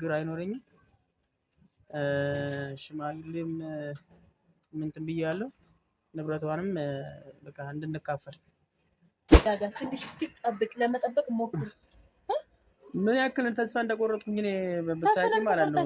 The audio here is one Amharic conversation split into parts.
ችግር አይኖረኝም። ሽማግሌም ምንትን ብያለሁ። ንብረቷንም በቃ እንድንካፈል ትንሽ እስኪ ጠብቅ፣ ለመጠበቅ ሞክር። ምን ያክል ተስፋ እንደቆረጥኩኝ እኔ ብታውቂ ማለት ነው።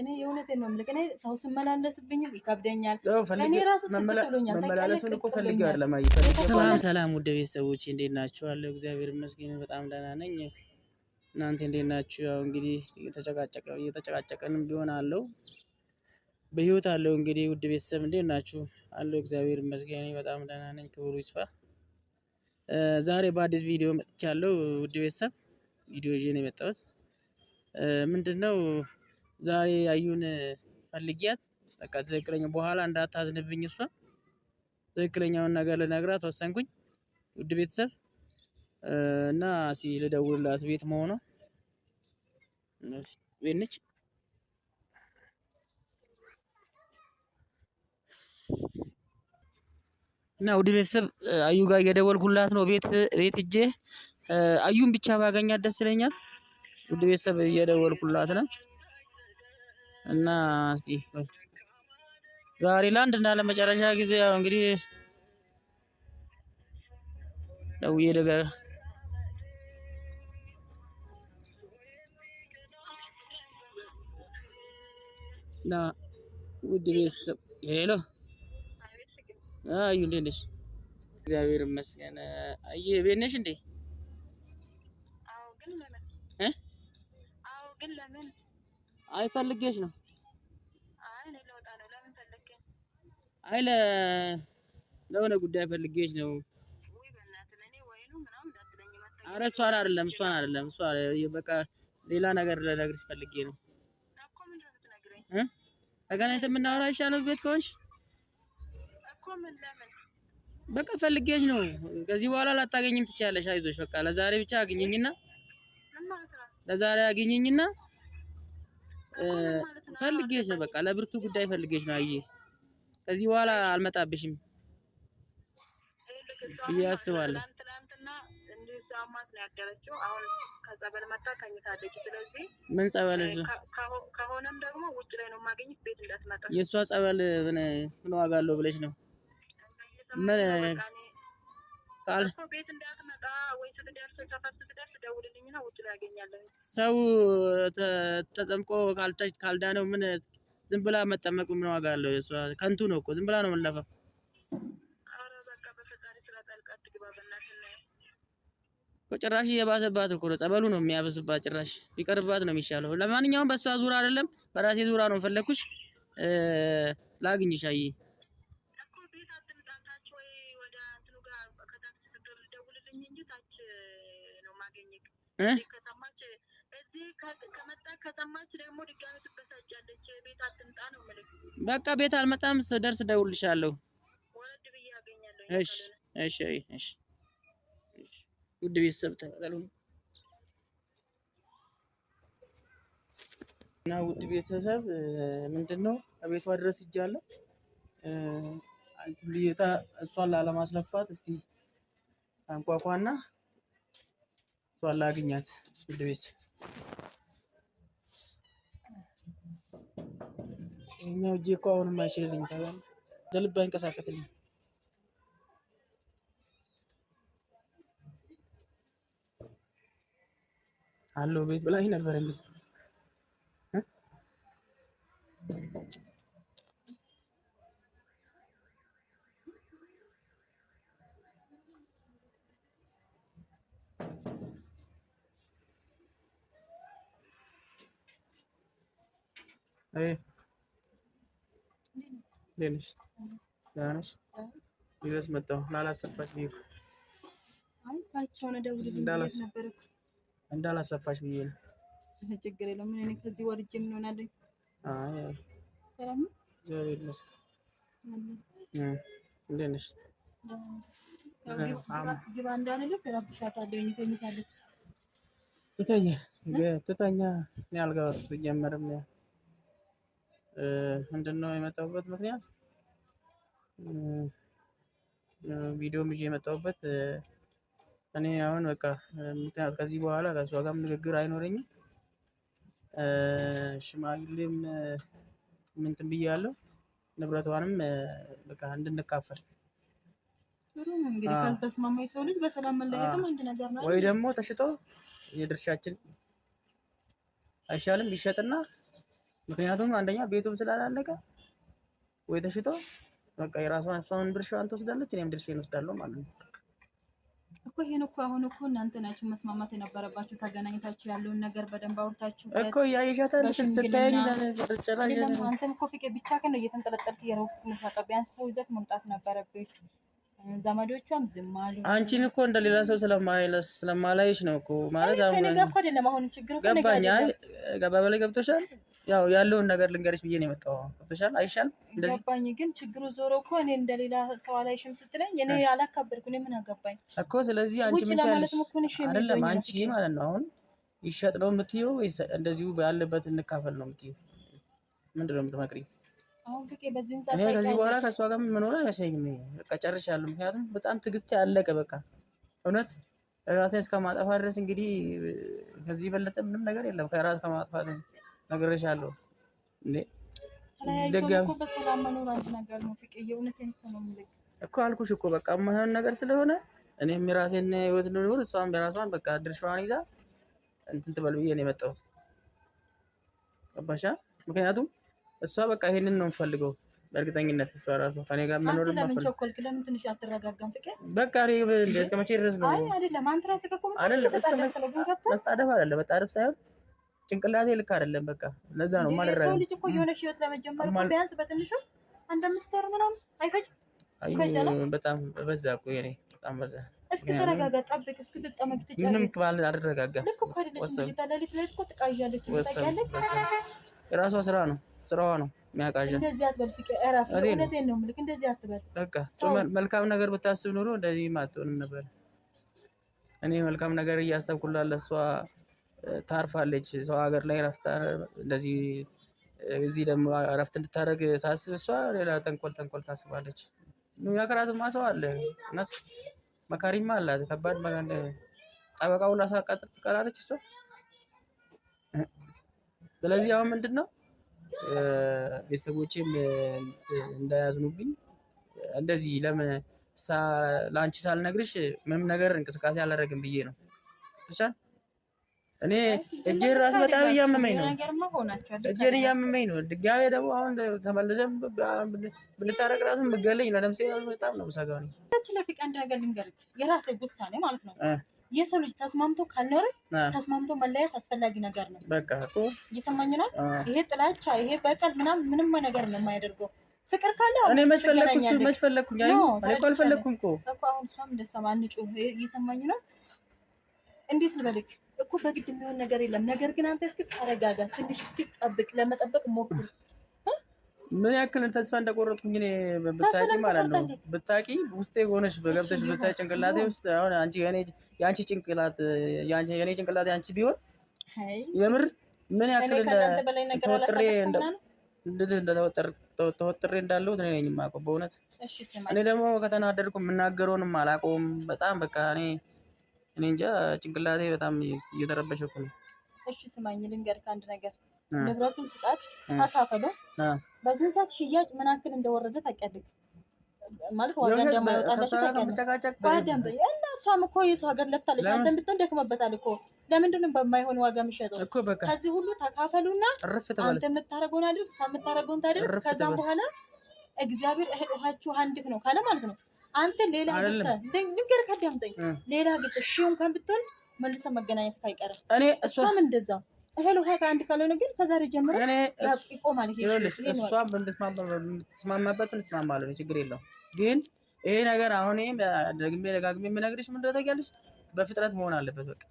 እኔ የእውነቴን ነው የምልህ። እኔ ሰው ስመላለስብኝም ይከብደኛል። እኔ ራሱ መመላለሱን እኮ ፈልጌ አይደለም። ሰላም ሰላም፣ ውድ ቤተሰቦች እንዴት ናችኋል? እግዚአብሔር ይመስገን በጣም ደህና ነኝ። እናንተ እንዴት ናችሁ? ያው እንግዲህ እየተጨቃጨቀ እየተጨቃጨቀንም ቢሆን አለው በህይወት አለው። እንግዲህ ውድ ቤተሰብ እንዴት ናችሁ? አለው እግዚአብሔር ይመስገን በጣም ደህና ነኝ። ክብሩ ይስፋ። ዛሬ በአዲስ ቪዲዮ መጥቻለሁ። ውድ ቤተሰብ ቪዲዮ ይዤ ነው የመጣሁት። ምንድነው ዛሬ አዩን ፈልጊያት በቃ ትክክለኛ በኋላ እንዳታዝንብኝ እሷ ትክክለኛውን ነገር ልነግራት ወሰንኩኝ። ውድ ቤተሰብ እና እስኪ ልደውልላት ቤት መሆኗ ቤት ነች። እና ውድ ቤተሰብ አዩ ጋር እየደወልኩላት ነው። ቤት ቤት እጄ አዩን ብቻ ባገኛት ደስ ይለኛል። ውድ ቤተሰብ እየደወልኩላት ነው እና እስቲ ዛሬ ለአንድ እና ለመጨረሻ ጊዜ ያው እንግዲህ ደውዬ እና ውድ ቤተሰብ ሄሎ አዩ እንዴት ነሽ? እግዚአብሔር ይመስገን። አየ ቤት ነሽ እንዴ? አይ ፈልጌሽ ነው። አይ ለሆነ ጉዳይ ፈልጌሽ ነው። አረ እሷን አይደለም እሷን አይደለም እሷ በቃ ሌላ ነገር ልነግርሽ ፈልጌ ነው። ተገናኝተን የምናወራ ይሻላል። ቤት ከሆንሽ እኮ ምን ለምን በቃ ፈልጌሽ ነው። ከዚህ በኋላ ላታገኝም ትችያለሽ። አይዞሽ በቃ ለዛሬ ብቻ አግኘኝና ለዛሬ አግኘኝና ፈልጌሽ ነው። በቃ ለብርቱ ጉዳይ ፈልጌሽ ነው። አየህ ከዚህ በኋላ አልመጣብሽም ብዬ አስባለሁ። አሟት ነው ያደረችው። አሁን ከጸበል መታ ከኝታ ስለዚህ ምን ጸበል እዙ ከሆነም ደግሞ ውጭ ላይ ነው የማገኘት። ቤት እንዳትመጣ የእሷ ጸበል ምን ዋጋ አለው ብለች ነው ምን ቃል ቤት እንዳትመጣ ወይ ስትደርስ ሰፈር ስትደርስ ደውልልኝ ነው ውጭ ላይ ያገኛለን። ሰው ተጠምቆ ካልዳ ነው ምን ዝም ብላ መጠመቁ ምን ዋጋ አለው? ከንቱ ነው እኮ ዝም ብላ ነው የምንለፋው። ጭራሽ እየባሰባት እኮ ነው። ጸበሉ ነው የሚያበስባት። ጭራሽ ቢቀርባት ነው የሚሻለው። ለማንኛውም በእሷ ዙራ አይደለም በራሴ ዙራ ነው ፈለግኩሽ። ላግኝሽ አይ በቃ ቤት አልመጣም። ስደርስ እደውልልሻለሁ። እሺ እሺ እሺ ውድ ቤተሰብ ተከተሉ እና ውድ ቤተሰብ ምንድን ነው ቤቷ ድረስ እጃለሁ ልየታ እሷን ላለማስለፋት እስቲ አንኳኳና እሷን ላግኛት። ውድ ቤተሰብ ይኸኛው እጄ እኮ አሁንም አይችልልኝ፣ ልብ አይንቀሳቀስልኝ Halo, bit ini ada Hah? Hai, Dennis, Dennis, Dennis, Dennis, Dennis, እንዳላስለፋሽ ብዬ ነው። ችግር የለውም። ምን ከዚህ ወርጄ ምን ሆናለኝ? እግዚአብሔር ይመስገን። እንዴት ነሽ? ግባ እንዳልልህ እረብሻታለሁ። ተኝታለች። ትተኛ ትተኛ ያልገባ ትጀመርም። ምንድን ነው የመጣሁበት ምክንያት ቪዲዮም ይዤ የመጣሁበት እኔ አሁን በቃ ምክንያት ከዚህ በኋላ ከእሷ ጋርም ንግግር አይኖረኝም። ሽማግሌም ምንትን ብያለሁ። ንብረቷንም በቃ እንድንካፈል ጥሩ ነው እንግዲህ ካልተስማማ የሰው ልጅ በሰላም መለያየትም አንድ ነገር ነው። ወይ ደግሞ ተሽጦ የድርሻችን አይሻልም? ይሸጥና ምክንያቱም አንደኛ ቤቱም ስላላለቀ ወይ ተሽጦ በቃ የራሷን እሷን ድርሻዋን ትወስዳለች፣ እኔም ድርሻዬን እወስዳለሁ ማለት ነው። እኮ ይሄን እኮ አሁን እኮ እናንተ ናችሁ መስማማት የነበረባችሁ። ተገናኝታችሁ ያለውን ነገር በደንብ አውርታችሁ እኮ እያየሻታል። ስታየኝ አንተም እኮ ፍቄ ብቻ ከነ እየተንጠለጠልክ እየሮጥክ የምትመጣው ቢያንስ ሰው ይዘት መምጣት ነበረብኝ። ዘመዶቿም ዝም አሉ። አንቺን እኮ እንደሌላ ሰው ስለማላይሽ ነው እኮ ማለት አሁን ገባኝ። በላይ ገብቶሻል ያው ያለውን ነገር ልንገርሽ ብዬ ነው የመጣው። ገብቶሻል? አይሻልም? እንደዚህ ገባኝ። ግን ችግሩ ዞሮ እኮ እኔ እንደሌላ ሰው አላይሽም ስትለኝ እኔ አላካበድኩ። እኔ ምን አገባኝ እኮ። ስለዚህ አንቺ ምን ያለሽ አይደለም። አንቺ ማለት ነው አሁን ይሸጥ ነው የምትይው ወይስ እንደዚሁ ያለበት እንካፈል ነው የምትይው? ምንድን ነው የምትመክሪኝ? እኔ ከዚህ በኋላ ከእሷ ጋር መኖር አይመስለኝም። በቃ ጨርሻለሁ። ምክንያቱም በጣም ትዕግስት ያለቀ በቃ እውነት ራሴን እስከማጠፋ ድረስ እንግዲህ ከዚህ የበለጠ ምንም ነገር የለም ከራስ ከማጥፋት ነግሬሻለሁ። እንዴ ደጋሚ ነገር እኮ አልኩሽ እኮ በቃ ነገር ስለሆነ እኔም የራሴን ህይወት ልኖር እሷም የራሷን በቃ ድርሻዋን ይዛ እንትን ትበል ብዬ ነው የመጣሁት። ገባሻ? ምክንያቱም እሷ በቃ ይሄንን ነው የምፈልገው በእርግጠኝነት እሷ ራሱ ከኔ ጋር መኖር በቃ እስከ መቼ ድረስ ነው? አይደለም፣ መስጣደፍ አይደለም መጣደፍ ሳይሆን ጭንቅላቴ ልክ አይደለም። በቃ ለዛ ነው ማለት ሰው ልጅ እኮ የሆነ ህይወት ለመጀመር እኮ ቢያንስ በትንሹ አንድ አምስት ወር ምናምን አይፈጅም። በጣም በዛ እኮ የኔ በጣም በዛ። እስኪ ተረጋጋ፣ ጠብቅ፣ እስክትጠመቅ ትጨርስ። ምንም አልረጋጋም። ልክ እኮ አይደለችም። ልጅቷ ለሊት ለሊት እኮ ትቃዣለች። የራሷ ስራ ነው ስራዋ ነው የሚያቃዣ። እንደዚህ አትበል ፍቅር፣ እረፍ። እውነቴን ነው የምልህ፣ እንደዚህ አትበል። በቃ መልካም ነገር ብታስብ ኑሮ እንደዚህ አትሆንም ነበር። እኔ መልካም ነገር እያሰብኩላት ለእሷ ታርፋለች። ሰው ሀገር ላይ ረፍታ እንደዚህ እዚህ ደግሞ እረፍት እንድታደርግ ሳስብ እሷ ሌላ ተንኮል ተንኮል ታስባለች። የሚመክራትማ ሰው አለ እውነት መካሪማ አላት። ከባድ ጠበቃ ሁላ ሳቃጥር ትቀራለች እሷ። ስለዚህ አሁን ምንድን ነው ቤተሰቦቼም እንዳያዝኑብኝ እንደዚህ ለምን ለአንቺ ሳልነግርሽ ምንም ነገር እንቅስቃሴ አላደረግም ብዬ ነው ብቻ እኔ እጄን ራስ በጣም እያመመኝ ነው። እጄን እያመመኝ ነው። ድጋሜ ደግሞ አሁን ተመልሰን ብንታረቅ ራሱ የምገለኝ ለነፍሴ በጣም ነው ሰጋ ነው። ለፊቅ አንድ ነገር ልንገርህ፣ የራስህ ውሳኔ ማለት ነው። የሰው ልጅ ተስማምቶ ካልኖረ ተስማምቶ መለያየት አስፈላጊ ነገር ነው። በቃ እየሰማኝ ነው። ይሄ ጥላቻ፣ ይሄ በቀል ምናምን ምንም ነገር ነው የማያደርገው ፍቅር ካለ እኔ መች ፈለግኩኝ መች እኔ እኮ አልፈለግኩም እኮ። አሁን እሷም እንደሰማ አንጩ እየሰማኝ ነው። እንዴት ልበልክ እኮ በግድ የሚሆን ነገር የለም። ነገር ግን አንተ እስኪ ተረጋጋ፣ ትንሽ እስኪ ጠብቅ፣ ለመጠበቅ ሞክር። ምን ያክል ተስፋ እንደቆረጥኩኝ እኔ ብታቂ ማለት ነው ብታቂ ውስጤ ሆነሽ በገብተሽ ብታይ ጭንቅላቴ ውስጥ አሁን አንቺ የአንቺ ጭንቅላት የኔ ጭንቅላቴ አንቺ ቢሆን የምር ምን ያክል ተወጥሬ ተወጥሬ እንዳለሁት እኔ ነኝ የማውቀው በእውነት። እኔ ደግሞ ከተናደድኩ የምናገረውንም አላውቀውም። በጣም በቃ እኔ እኔ እንጃ ጭንቅላቴ በጣም እየተረበሸ እኮ ነው። እሺ ስማኝ ልንገርህ አንድ ነገር፣ ንብረቱን ስጣት ታካፈለ። በዚህን ሰዓት ሽያጭ ምን ያክል እንደወረደ ታውቂያለሽ? ማለት ዋጋ እንደማይወጣለሽ ታውቂያለሽ እና እሷም እኮ የሰው ሀገር ለፍታለች፣ አንተም ብትሆን ደክመበታል እኮ ለምንድነው በማይሆን ዋጋ የሚሸጠው? እኮ በቃ ከዚህ ሁሉ ተካፈሉና አንተ የምታደርገውን አድርግ፣ እሷ የምታደርገውን ታድርግ። ከዛም በኋላ እግዚአብሔር እህል ውሃችሁ አንድም ነው ካለ ማለት ነው አንተ ሌላ ንገር ካዳምጠኝ ሌላ ግጥ ሺ እንኳን ብትወልድ መልሰ መገናኘት አይቀርም። እኔ እሷም እንደዛ እህል ውሃ ከአንድ ካልሆነ ግን ከዛሬ ጀምሮ ይቆማል። እሷም እንድትስማማበትን እስማማለሁ፣ ችግር የለው ግን ይሄ ነገር አሁን ደግሜ ደጋግሜ የምነግርሽ ምንድን ነው ታውቂያለሽ፣ በፍጥነት መሆን አለበት በቃ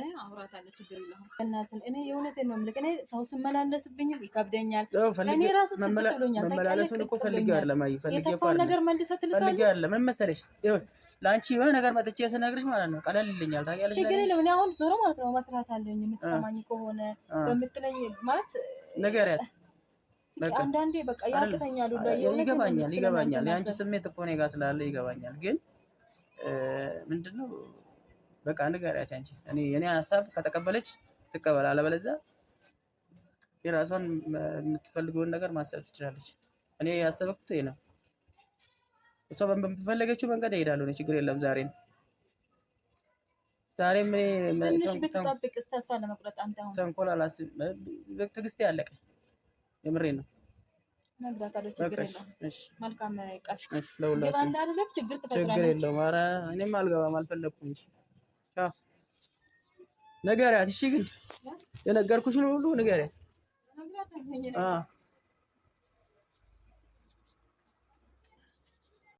እኔ አውራታለሁ ችግር የለውም። እናትን እኔ የእውነቴን ነው እኔ ሰው ስመላለስብኝም ይከብደኛል። እኔ ራሱ መመላለሱን እኮ ነገር መልሰህ ትልሳለህ። ምን መሰለሽ ለአንቺ የሆነ ነገር መጥቼ ስነግርሽ ማለት ነው ቀለል ታውቂያለሽ ችግር የለም። እኔ አሁን ዞሮ ማለት ነው መክራት አለኝ የምትሰማኝ ከሆነ በምትለኝ ማለት ንገሪያት። አንዳንዴ በቃ ይገባኛል፣ ይገባኛል። የአንቺ ስሜት እኮ እኔ ጋር ስላለ ይገባኛል። ግን ምንድን ነው በቃ ንገሪያት አንቺ እኔ የኔ ሀሳብ ከተቀበለች ትቀበል፣ አለበለዚያ የራሷን የምትፈልገውን ነገር ማሰብ ትችላለች። እኔ ያሰበኩት ይሄ ነው። እሷ በምትፈለገችው መንገድ እሄዳለሁ። ችግር የለም። ዛሬም ዛሬም ትንሽ ብትጠብቅስ ተስፋ ለመቁረጥ አንተ አሁን ተንኮል አላስብ። ትዕግስቴ አለቀ። የምሬ ነው። ነግራታለሁ። ችግር የለውም። መልካም ቃል። ችግር የለውም። ኧረ እኔም አልገባም አልፈለግኩም እንጂ ነገሪያት። እሺ ግን የነገርኩሽን ሁሉ ነገሪያት።